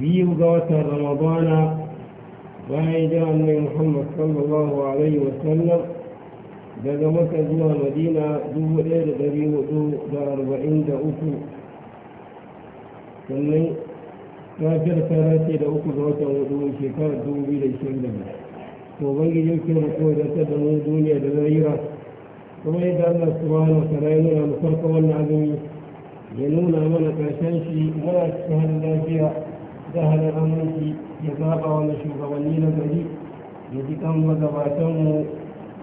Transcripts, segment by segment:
بيو قوات رمضان وعيدا من محمد صلى الله عليه وسلم دقا مكة دوا مدينة دو إير دريو دو دار وعين دا أفو سنن كافر ثلاثة دا أفو دوتا ودو شكار دو بيلا يشغلنا وبنك يمكن أقول دا تدنو دوني دغيرة وما إذا الله سبحانه وتعالى ينونا مصرق والنعظم ينونا منك شنشي ولا تسهل الله فيها ذهل رميتي يزاق ومشوف ونين بري يتكم وزباتم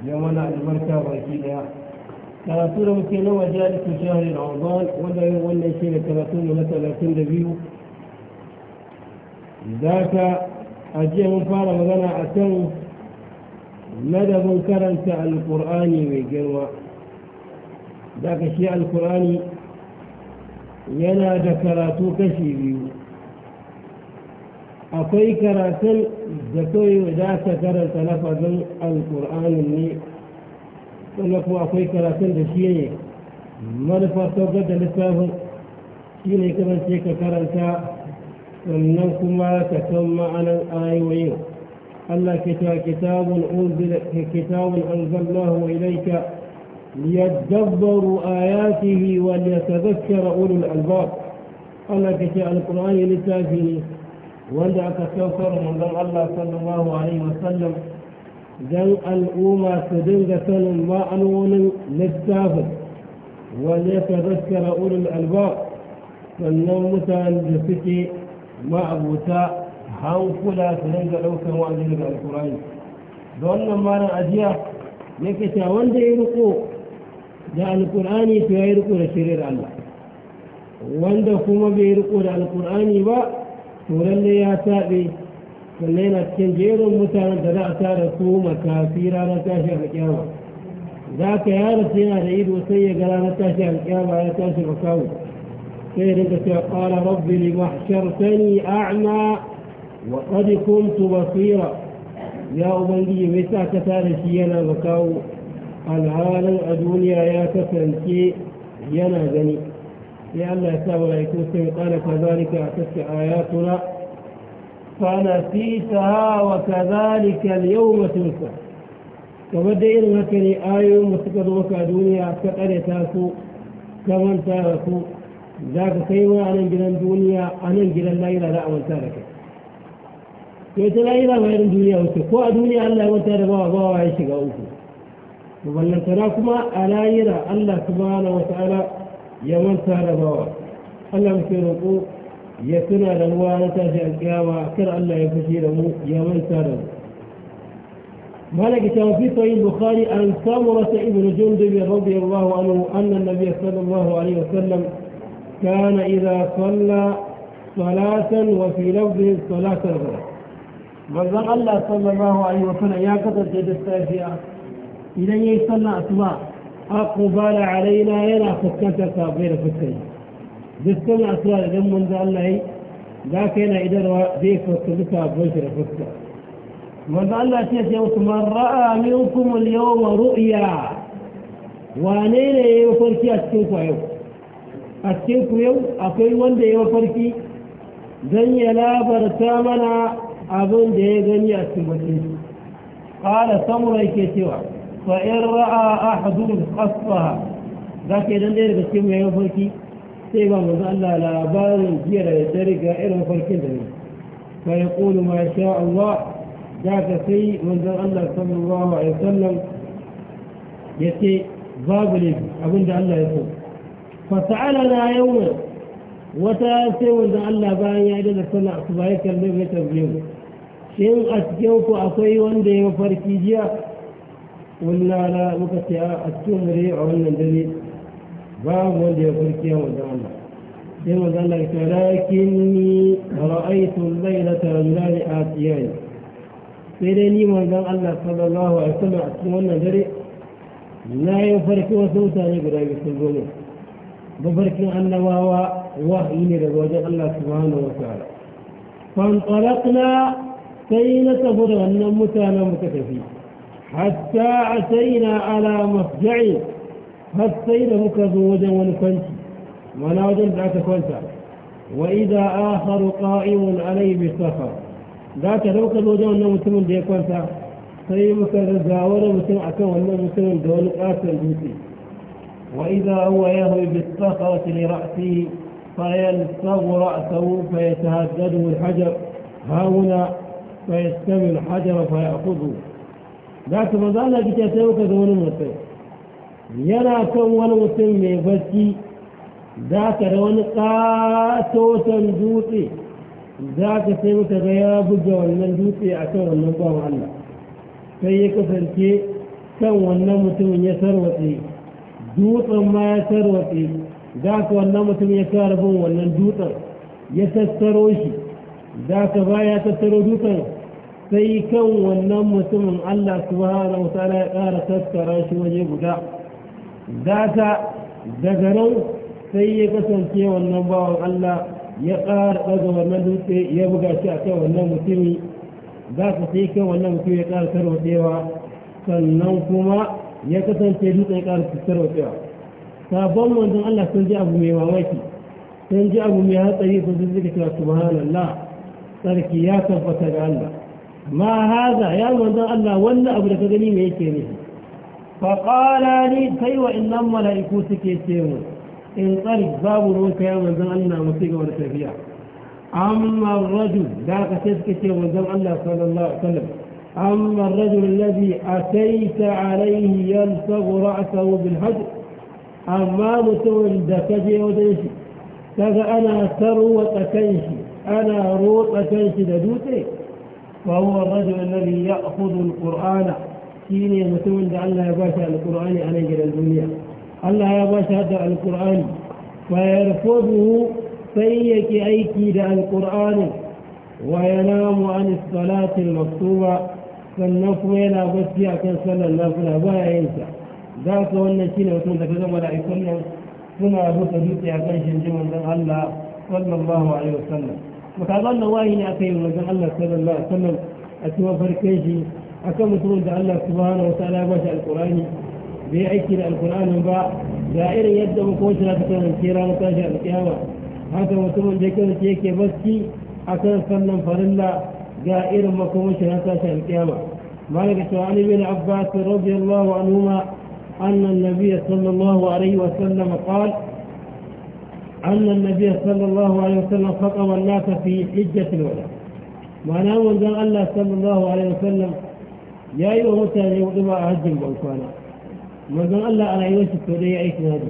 يمنع البركة والكيدية تلاتورة مكينة وجالة شهر رمضان ولا يولى شيء لتلاتون ولا تلاتون دبيو ذاك أجيه مفارة مغانا أتن مدى منكرا القرآن ويجنوى ذاك شيء القرآن ينا ذكراتو كشي بيو أقول كراتل ذكوي وجاءت كرات لفظ القرآن مني ولكو أقول كراتل بشيني ما لفظت قد لسه شيني كمان شيك كرات ومنكما تكم على الآي وين ألا كتاب أنزل كتاب أنزلناه إليك ليتدبروا آياته وليتذكر أولو الألباب ألا كتاب القرآن لسافيني wanda aka saukar manzon Allah sallallahu alaihi wasallam dan al'umma su dinga sanin ma'anonin littafi wa ya tazaskara ulul albab sannan mutanen da suke ma'abuta hankula su dinga daukar wa'azi daga alkurani da wannan malam ajiya yake cewa wanda ya riko da alqur'ani to ya riko da shirin Allah wanda kuma bai riko da alqur'ani ba ولله يأتي فلنا تنجير المتعب تدعت رسوم كافيرا نتاشا فكياما ذاك يا رسينا رئيد وسيق لا نتاشا فكياما يا تاشا فكاو سيد انت قال رب لما حشرتني أعمى وقد كنت بصيرا يا أبنجي ويسا كتار شينا فكاو العالم الدنيا يا كتنكي ينا ذنيك لئلا يساوي لا يكون قال كذلك أعتدت آياتنا فنسيتها وكذلك اليوم تنسى فبدأ يعني آية إن مكني آي مستقد وكا دنيا فقر تاسو كمن تاسو ذاك سيما أن انجل الدنيا أن انجل الليلة لا أول تارك يوجد الليلة غير الدنيا وكو الدنيا ألا أول تارك وابا وعيشك أوكو وبلن تراكما ألا يرى الله سبحانه وتعالى يمن سهل بوار ألم كنقو يكنا لنوانا تاشي أكياوا كر ألا يفشيرمو يمن سهل مالك توفي طيب بخاري أن سامرة ابن جندب رضي الله عنه أن النبي صلى الله عليه وسلم كان إذا صلى صلاة وفي لفظه صلاة الغرب وذق الله صلى الله عليه وسلم يا قدر جد الساجية إليه صلى أسماء أقبل علينا ينا فكنت كافير فكين دستنا أسوال إذن منذ الله ذاك هنا إذا ديك فكبك أبوشر فكة منذ الله تيس يوم من رأى منكم اليوم رؤيا وانين يوفركي أتكوك يوم أتكوك يوم أقول وند يوفركي دن يلابر تامنا أبن دي دنيا أتكوك قال سمرا كتوى فإن رأى أحد خصها ذاك إذا ندير بسكم يا فركي سيما مزا الله لا بال جيرا يدرك إلى فركين فيقول ما شاء الله ذاك سي ذا الله صلى الله عليه وسلم يتي باب لك أبن ذا الله يقول فسألنا يوم وتاسي من ذا الله بان يعدد السنة أصبعيك اللي بيتبليون shin a cikinku akwai wanda ya قلنا لا مكتيا التمر عن الذي باب يقول كيا وزعنا كما قال لك لكني رأيت الليلة رجلان آتيان سيرني وقال الله صلى الله عليه وسلم أتمنى ذري لا يفرق وسوسا يقرأ يسلبونه بفرق أن وهو وحي لرجوج الله سبحانه وتعالى فانطلقنا كي نتفر أن متانا متكفي حتى أتينا على مفجعه فاستينه كزوجا ونكنت ولا وجد ذاك وإذا آخر قائم عليه بالسفر ذاك لو كزوجا مسلم دي كنت ولا مسلم متم أكا مسلم دون قاتل بوتي وإذا هو يهوي بالصخرة لرأسه فيلصغ رأسه فيتهدده الحجر هاونا فيستمع الحجر فيأخذه za ka maza Allah kike sai muka ga wani mutum yana kan wani mutum mai bacci za ka da wani ƙatoton dutse za ka sai muka ga ya buga wannan dutse a kan wannan bawan Allah sai ya kasance kan wannan mutumin ya sarwatse dutsen ma ya sarwatse za ka wannan mutum ya bin wannan dutsen ya tattaro shi za ka ba ya tattaro dutsen sai kan wannan mutumin Allah subhanahu wa ta'ala ya ƙara tattara shi waje guda data daga nan sai ya kasance wannan bawan Allah ya ƙara ɗaga wannan dutse ya buga shi a kan wannan mutumi za ka sai kan wannan mutum ya ƙara tarwatsewa sannan kuma ya kasance dutse ya ƙara tarwatsewa sabon manzon Allah sun ji abu mai mamaki sun ji abu mai hatsari sun ji suka cewa subhanallah sarki ya tabbata ga Allah ما هذا يا منزل الله ولا أبو لك غني ما يكيني فقال لي سيوى إنما لا يكوسك يتيمون إن باب روك يا منزل الله موسيقى ورتفيع أما الرجل ذاك تسكت يا منزل الله صلى الله عليه وسلم أما الرجل الذي أتيت عليه يلصغ رأسه بالهجر أما متون دكجي ودنشي كذا أنا ثروة كنشي أنا روطة كنشي دوتي وهو الرجل الذي يأخذ القرآن كيني متون ده الله يباشى القرآن جل الدنيا الله يباشى هذا القرآن ويرفضه فيك أيكي ده القرآن وينام عن الصلاة المكتوبة فالنفو بس بسي أكن صلى الله عليه وسلم ينسى ذاك وانا شيني متون ده كذا ولا يكلم ثم أبو تدوتي أكن شنجم الله صلى الله عليه وسلم وكابلنا واهنا أكيم وجعل الله صلى الله عليه وسلم أتوى فركيجي أكم تقول دع الله سبحانه وتعالى وجع القرآن بيعيك إلى القرآن وباع دائرة يبدأ مقوش لا تكون الكيرا وتاجع القيامة هذا وتقول ذلك الشيك يبسكي أكم سلم فلنا دائرة كوش لا تاجع القيامة مالك سؤال ابن عباس رضي الله عنهما أن النبي صلى الله عليه وسلم قال أن النبي صلى الله عليه وسلم خطب الناس في حجة الوداع وأنا من ذا الله صلى الله عليه وسلم يا أيها متى يوضبع أهجم بأنكوانا وأنا ذا الله على يوشك ولي أيك هذا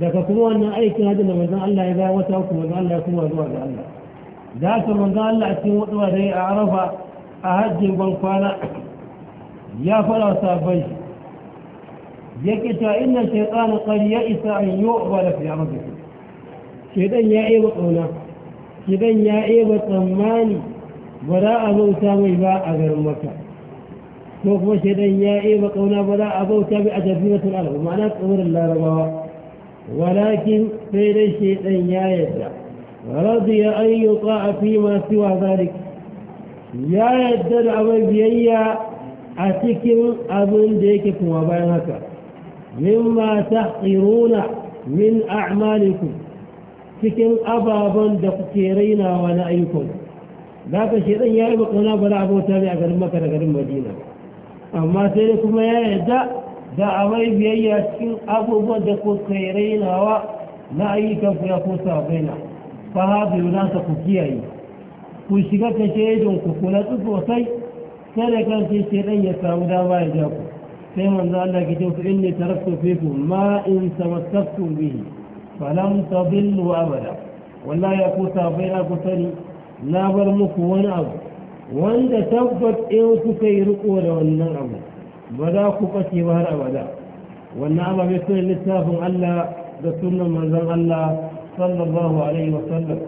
ذاك كموا أن أيك هذا وأنا الله إذا وتوك وأنا ذا الله كموا ذا الله ذاك من ذا الله أتوضبع ذي أعرف أهجم بأنكوانا يا فلا سابيش يكتا إن الشيطان قد يئس أن يؤبل في عرضك shedan ya eba ƙauna shedan ya eba tsammani ba za a bauta mai ba a garin maka ko kuma shedan ya eba ƙauna ba za a bauta mai a jaziratul arab ma'ana tsibirin larabawa walakin sai dai shedan ya yadda رضي أن يطاع فيما سوى ذلك يا يدد أبن بيئة أتكر أبن ديككم وبينك مما تحقرون من أعمالكم cikin ababen da kuke rainawa na ayyukan za ka ɗan ya yi makana ba na abota ne a garin maka da garin madina amma sai dai kuma ya yarda da a mai biyayya cikin abubuwan da kuke rainawa na ayyukan ku ya kusa baina fa ha biyu ta ku kiyaye ku shiga ka shaidun ku kula sosai sai da kan shi ɗan ya samu dama ya ja ku sai manzo Allah ya ce ku inni taraktu fikum ma in tamassaktum bihi فلم تضلوا أبدا والله يقول تابعنا قتلي لا برمك وانا أبو وانا تبت إيوك كي رقوة وانا نعم أبو بداك قتي بهر أبدا وانا أبا بيسر النساف الله دسلنا مزان الله صلى الله عليه وسلم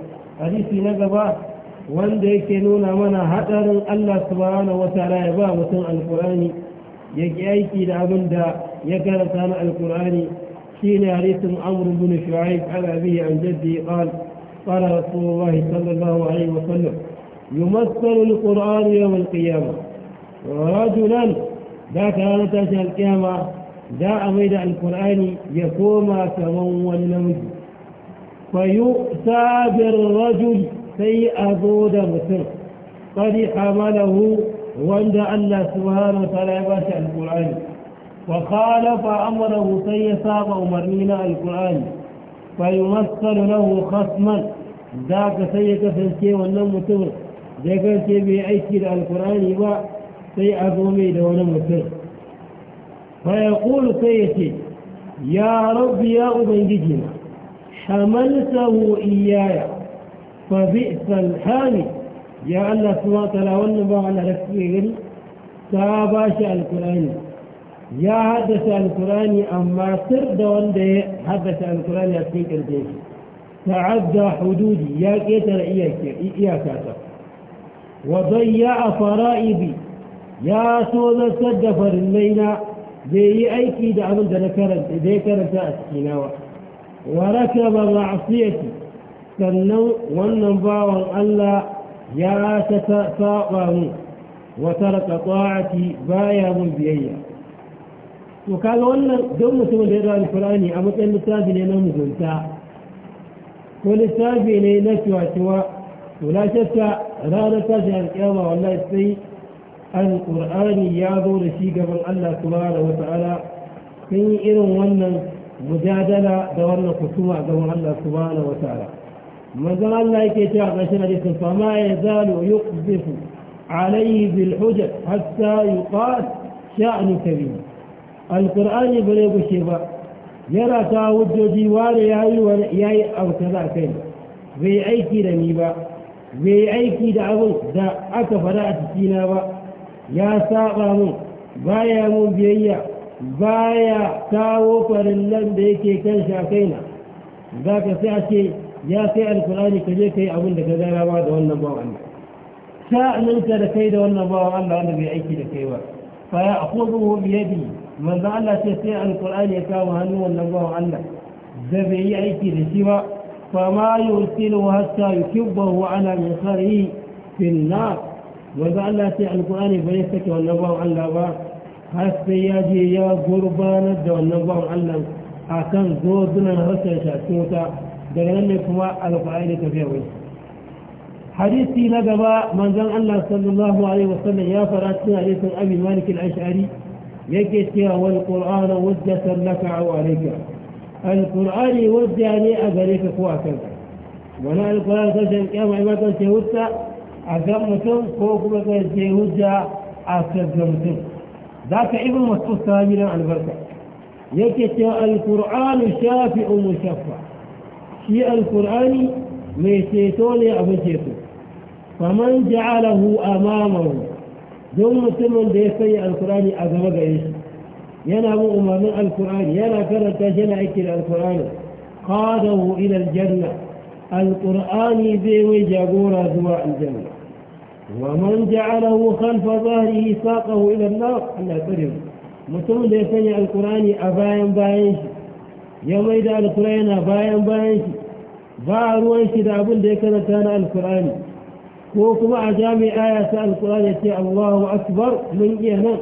حديثي نقبا وانا يكنون منا حتر الله سبحانه وتعالى يبا مثل القرآن يجي أيكي لأبن دا يكرتان القرآن يجي فيه حديث عمرو بن شعيب عن أبيه عن جده قال قال رسول الله صلى الله عليه وسلم يمثل القرآن يوم القيامة رجلا ذاك أنا تأتي القيامة جاء ميدع القرآن يقوم تمول ولنمج فيؤتى بالرجل سيء ذود مسلم قد حمله وندى الله سبحانه وتعالى يباشى القرآن وخالف أمره سيساب أمرين القرآن فيمثل له خصما ذاك سيكفنسي والنم تغر ذاكنسي بأيكد القرآن با سيأذومي دون متر فيقول سيسي يا رب يا أبنججنا حملته إياي فبئس الحامي يا الله سبحانه وتعالى والنبع على رسول الله القرآن يا حدث القرآن أما سرد وانده حدث القرآن يسيك الجيش تعدى حدودي يا كتر إياك يا كتر وضيع فرائبي يا سودة سد فرمينا ذي أيكي دا أمن ذكرت ذكرت أسكيناوة وركب معصيتي سنو والنباء والألا يا تتفاقه وترك طاعتي بايا من بيئة to kaga wannan don mutumin da ya zama alkur'ani a matsayin littafi ne na mugunta ko littafi ne na cewa to na shakka ranar tashi alƙiyama wallahi sai alkur'ani ya zo da shi gaban allah subhanahu wa ta'ala sun yi irin wannan mujadala da wannan kusuma gaban allah subhanahu wa ta'ala manzon allah yake cewa ƙarshen hadisin fama ya zalo yuqzifu عليه بالحجج حتى يقال شأن كبير alkur'ani ba ne gushe ba yana ta hujjoji ware ya yi abu kaza kai bai aiki da ni ba bai aiki da abin da aka fada a cikina ba ya saba mun baya mun biyayya baya kawo farillan da yake kan shakaina za ka sai a ce ya sai alkur'ani ka je ka abin da ka gara ba da wannan bawan Allah ka da kai da wannan bawan Allah wanda bai aiki da kai ba fa ya akwai bi biyadi manzo Allah ce sai alqur'ani ya kama hannu wannan bawan Allah da bai yi aiki da shi ba fa ma yusilu hatta yukibbahu ala misarihi fil nar manzo Allah ce alqur'ani bai sake wannan bawan Allah ba har sai ya je ya gurbanar da wannan bawan Allah akan zodunan harshen shafi wuta daga nan ne kuma alqur'ani tafiya wai حديثي لقبا من ذن الله صلى الله عليه وسلم يا فرات حديث أبي مالك الأشعري يجد فيها القرآن ودة لك عوالك القرآن يودي أني أبريك قواتا ولا القرآن تجد كما عبادة سيهودة أقامتهم فوق بك سيهودة أقامتهم ذاك ابن مصطفى ثانيا عن بركة يجد فيها القرآن شافع مشفع في القرآن ميسيتوني أبو فمن جعله أمامه don mutumin da ya sanya alkurani a gaba gare shi yana bin umarnin alkurani yana karanta shi yana aiki da alkurani qadahu ila aljanna alkurani zai mai jagora zuwa aljanna wa man ja'alahu khalfa zahrihi saqahu ila an-nar Allah kare mutum da ya sanya alkurani a bayan bayan shi ya mai da alkurani yana bayan bayan shi ba ruwan shi da abin da ya karanta na alkurani كوكما أجامي آية القرآن يتي الله أكبر من جهنا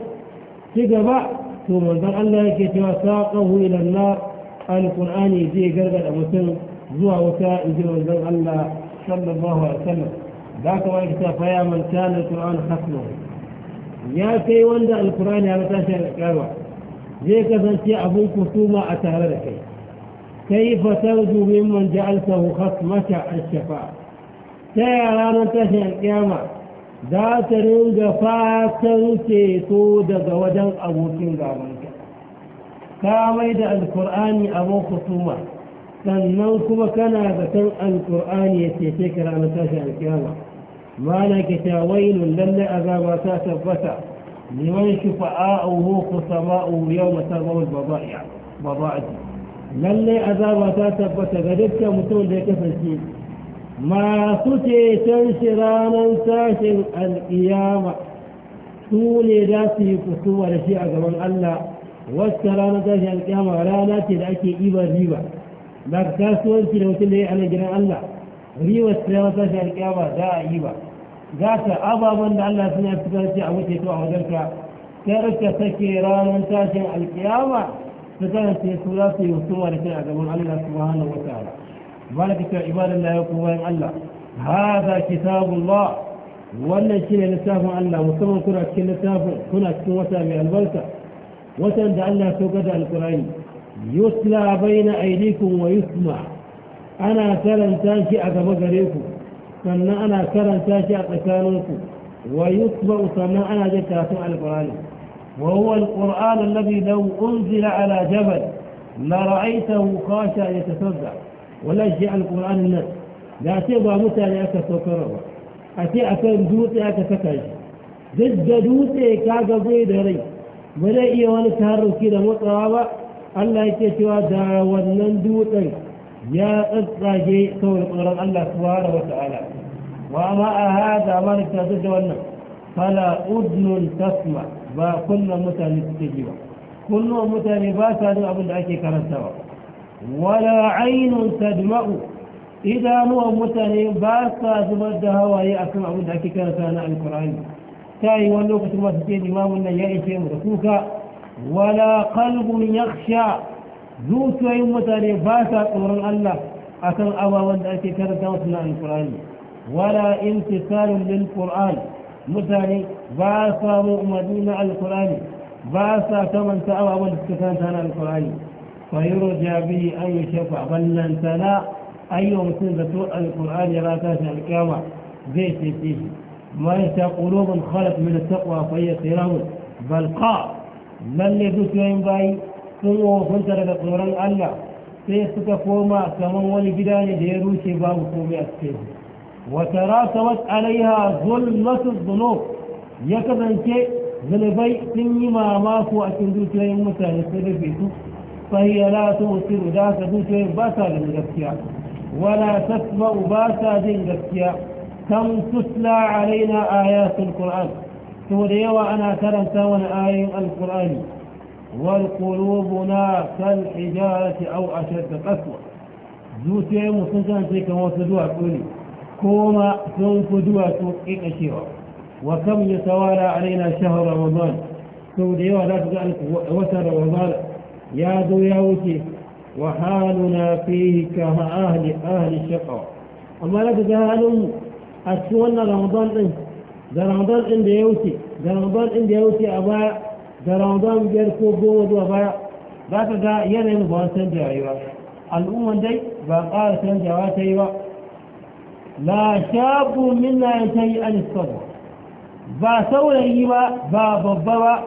تقبع ثم انظر الله كتما ساقه إلى النار القرآن يتي قرد الأمسل زوى وكاء يجي وانظر الله صلى الله عليه وسلم ذاك ما يكتب يا من كان القرآن خصمه يا كي وانظر القرآن يا متاشر كاروة ذيك ذنتي أبوك ثم أتهرك كيف ترجو ممن جعلته خصمك الشفاعة ta ranar tashin kiyama za ta ringa fatan ceto daga wajen abokin gabanka ka mai da alkur'ani abin kusuma sannan kuma kana zaton alkur'ani ya cece ka ranar tashin alkiyama mana ke ta wailun lallai azaba ta tabbata liman shufa'a'uhu kusama'u yau masarwar baba'a lallai azaba ta tabbata ga dukkan mutum da ya kasance ما تتيتن رانا ساشر القيامة تولي راسي فتوى رشيع زمان الله والسرانة ساشر القيامة لا ناتل أكي إبا ريبا لكتاس وانسي لو تلي أنا جنا الله ريبا سرانة ساشر القيامة دا إبا ذاك أبا من الله سنة سبحانه سيع وشي توع ودلك تركة سكيران ساشر القيامة فتاسي سراسي فتوى رشيع زمان الله سبحانه وتعالى ولا عباد الله يقوم الله هذا كتاب الله ولا شيء نتافه الله وكما كنا كنا نتافه كنا كنوسا من البركة وتند الله توقد القرآن يسلى بين أيديكم ويسمع أنا ترى تانشي أكما قريكم سنة أنا ترى تانشي أتكانوكم ويسمع سنة أنا جتاته القرآن وهو القرآن الذي لو أنزل على جبل لرأيته خاشا يتصدع ولا شيء على القرآن الناس لا تبغى متى لا تفكر أتي أكل دوت لا تفكر جد دوت كعب بيد هري ولا إيوان سهر كذا مطرابة الله يكتوى دعوة نندوت يا إطلاقي سوى القرآن الله سبحانه وتعالى وما هذا أمانك تزد والنم فلا أذن تسمع وكل متى نتجيب كل متى نباسة أبو العكي كرسوه ولا عين تدمع إذا هو متني باسا زبد هواي أسمع من ذلك كان عن القرآن تاي ونوك ثم تسيد إمام النيائي مرسوكا ولا قلب يخشى ذو سوي متني باسا قرآن الله أسمع أبو داكي كان عن القرآن ولا امتثال للقرآن mutane باسا مؤمدين على القرآن باسا كمن sa kamanta ababen عن suka kanta فيرجى به أن يشفع بل لن تلا أي يوم سنة القرآن لا تاشع الكامع بيش ما يشع قلوب خلق من التقوى فهي خيرهم بل قا من يدوس يوم باي سنوه فنتر القرآن ألا سيستك فوما كمن ولي ديروش باب قومي أسكيه وتراسوت عليها ظلمة الظنوب يكذا انك ذنبي سنما ما فوأت اندوس يوم متى يستدفئ فهي لا تؤثر ذات دوشي باسا لنجسيا ولا تسمع باسا لنجسيا كم تتلى علينا آيات القرآن سوريا وأنا ترنت وأنا آي القرآن والقلوبنا كالحجارة أو أشد قسوة زوتي مسجن تلك وصدوع كولي كوما تنفدوع تنقيق شيرا وكم يتوالى علينا شهر رمضان سوريا ولا تجعل وسر رمضان يا دياوته وحالنا فيك كأهل أهل الشقاء أما لك ذهالهم أسوان رمضان إن ذا رمضان إن دياوتي ذا رمضان إن دياوتي أبا ذا رمضان جركو بوض وبا ذاك ذا ينم بانسان جايوا الأمة دي بقال سنجواتي أيوة. لا شاب منا يتيئ الصبر با سولي با بابا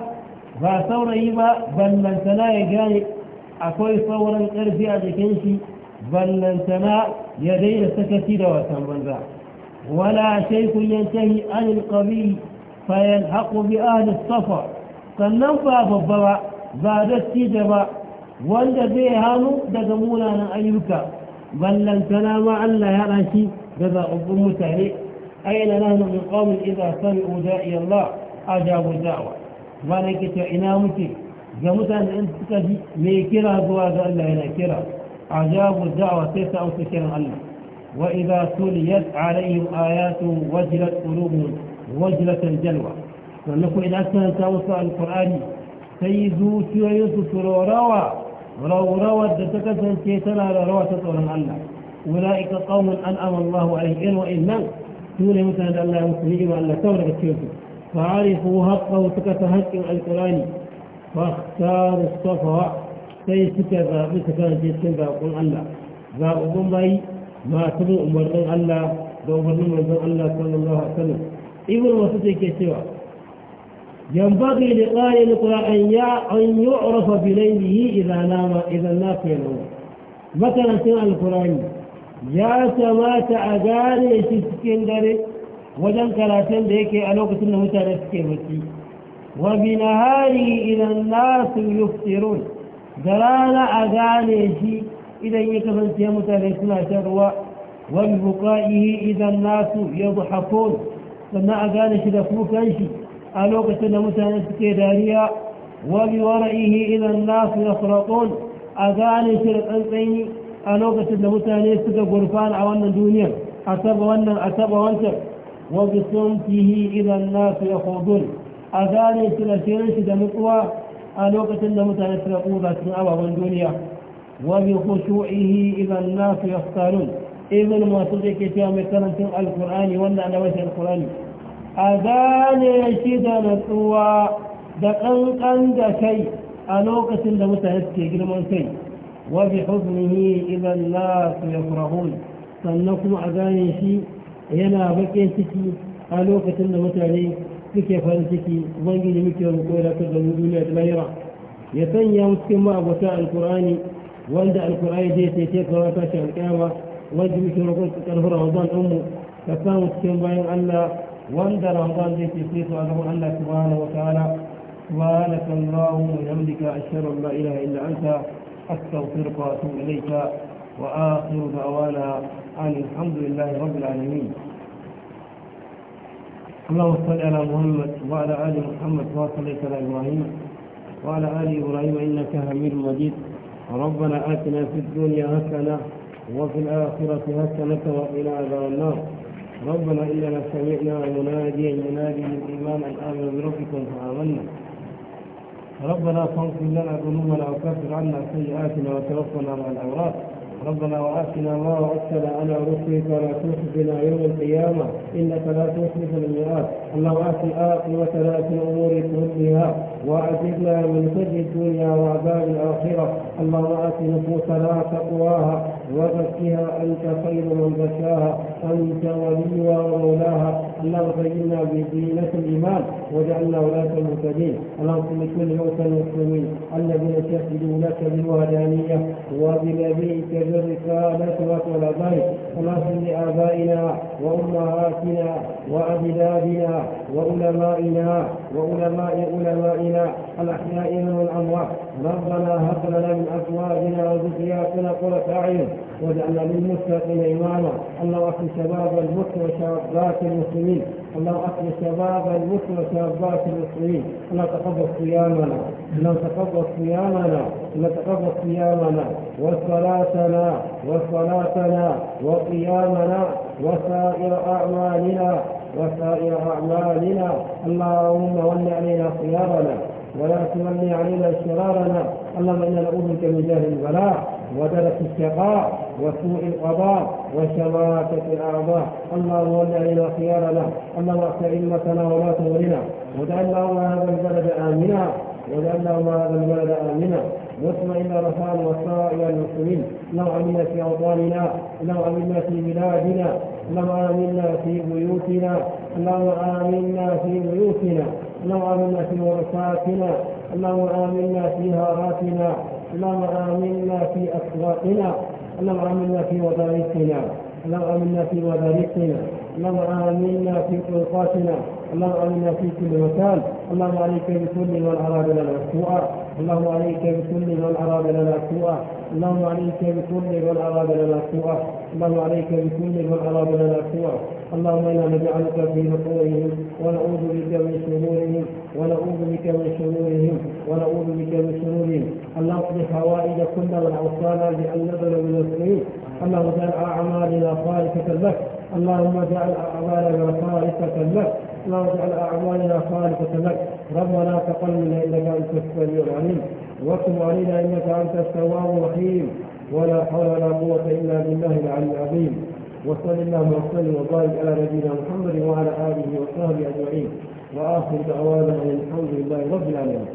ba saurayi ba ballantana ya gane akwai sauran ƙarfi a jikin shi ballantana ya daina sakaci da wasan banza wala shaikun yantahi anil qabi fa yalhaqu bi ahli safa sannan ba babba ba ba dattijo ba wanda zai hannu daga munanan ayyuka ballantana ma Allah ya rashi da zaɓaɓɓun mutane aina nahnu min qawmin idza sami da'i Allah ajabu da'wa ba na yake cewa ina muke ga mutane in suka ji me kira zuwa ga Allah yana kira ajabu da'wa sai ta auta kiran Allah wa idza tuliyat alaihim ayatu wajlat qulubuhum wajlatan jalwa sannan ko idan sun ta musu alqur'ani sai zuciyoyinsu su rawa rawar da ta kasance tana da rawa ta tsoron Allah أولئك قوم أنعم الله عليهم وإنهم سورة مثلا الله يمسلم الله تورك الشيطان فعرفوا حقه وتكتهكم الكراني فاختار الصفا سيسك ذابسك جيسن ذاقون الله ذاقون باي ما تبو أمرنا الله ذاقون من الله صلى الله عليه وسلم إبن وسطي كسوا ينبغي لقائل القرآن أن, يع... أن يعرف بليله إذا نام إذا نام في نوم مثلا سمع القرآن يا سماك أجاني شفكين ذلك wajen karatun da yake a lokacin da mutane suke bacci wa bi nahari idan nasu yuftirun da rana a gane shi idan ya kasance mutane suna shan ruwa wa bi buqa'ihi idan nasu yadhhakun sannan a gane shi da kukan shi a lokacin da mutane suke dariya wa bi wara'ihi idan nasu yafraqun a gane shi da tsantsani a lokacin da mutane suka gurfana a wannan duniyar a taba wannan a taba wancan وبصمته إذا الناس يخوضون أذاني تلسيرش دمقوى ألوقة دمتا يتلقوا ذات أوى والدنيا وبخشوعه إذا الناس يختارون إذن ما صدق يتعمل كلمة القرآن وانا أنا ويسر القرآن أذاني يشيد نتوى دقن قن دكي ألوقة دمتا يتلقوا ذات والدنيا وبحضنه إذا الناس يفرغون فلنكم أذاني يشيد yana bakin ciki a lokacin da mutane suke farin ciki ubangiji muke roƙo da kan zamu duniya da lahira ya sanya mu cikin ma'abota alkur'ani wanda alkur'ani zai tece ka wata shi alƙiyama wanda muke roƙo su karfi ramadan ɗin mu ka samu cikin bayan allah wanda ramadan zai tece su a gaban allah subhanahu wa ta'ala سبحانك اللهم وبحمدك أشهد أن لا إله إلا أنت أستغفرك وأتوب إليك وآخر دعوانا عن الحمد لله رب العالمين اللهم صل على محمد وعلى آل محمد وصليت على إبراهيم وعلى آل إبراهيم إنك حميد مجيد ربنا آتنا في الدنيا حسنة وفي الآخرة حسنة وقنا عذاب النار ربنا إننا سمعنا مناديا ينادي للإيمان أن آمنوا بربكم فآمنا ربنا فاغفر لنا ذنوبنا وكفر عنا سيئاتنا وتوفنا مع الأوراق ربنا وآتنا ما وعدتنا على رسلك ولا تخزنا يوم القيامة إنك لا تخلف الميعاد اللهم آت عاقبتنا في أمور كلها وأجرنا من خزي الدنيا وعذاب الآخرة اللهم آت نفوسنا تقواها وزكها أنت خير من زكاها أنت وليها ومولاها اللهم فإنا بدينة الإيمان وجعلنا ولاة المهتدين اللهم كل موتى المسلمين الذين شهدوا لك بالوهدانية وبنبيك بالرسالة وتولى ذلك اللهم لآبائنا وأمهاتنا وأجدادنا وعلمائنا وعلماء علمائنا الأحياء والأموات ربنا هب لنا من ازواجنا وذرياتنا قرة اعين واجعلنا للمتقين اماما اللهم اكل شباب المسلم وشابات المسلمين اللهم اكل شباب المسلم وشابات المسلمين اللهم تقبل صيامنا اللهم تقبل صيامنا اللهم تقبل صيامنا وصلاتنا وصلاتنا وقيامنا وسائر اعمالنا وسائر اعمالنا اللهم ول علينا صيامنا ولا تمني علينا شرارنا اللهم انا نعوذ بك من جهل البلاء ودرك الشقاء وسوء القضاء وشماتة الأعضاء اللهم ول علينا خيارنا اللهم اغفر أئمتنا ولاة أمرنا واجعل الله هذا البلد آمنا واجعل الله هذا البلد آمنا واطمئن رسائل وصائل المسلمين لو امنا في اوطاننا لو امنا في بلادنا لو امنا في بيوتنا لو امنا في بيوتنا اللهم آمنا في ورثاتنا اللهم آمنا في هاراتنا اللهم آمنا في أسواقنا اللهم آمنا في وظائفنا اللهم آمنا في مدارسنا اللهم آمنا في طرقاتنا اللهم آمنا في كل مكان اللهم عليك بكل من أراد لنا سوءا اللهم عليك بكل من أراد لنا سوءا اللهم عليك بكل من أراد لنا سوءا الله عليك بكل من أراد لنا سواه اللهم إنا نجعلك في نصورهم ونعوذ بك من شرورهم ونعوذ بك من شرورهم ونعوذ بك من شرورهم اللهم اصلح حوائج كل من أوصانا بأن نبل من المسلمين اللهم اجعل أعمالنا خالصة لك اللهم اجعل أعمالنا خالصة لك اللهم اجعل أعمالنا خالصة لك ربنا تقلنا إنك أنت السميع العليم وتب علينا إنك أنت التواب الرحيم ولا حول ولا قوة إلا بالله العلي العظيم وصلى الله وسلم وبارك على نبينا محمد وعلى آله وصحبه أجمعين وآخر دعوانا أن الحمد لله رب العالمين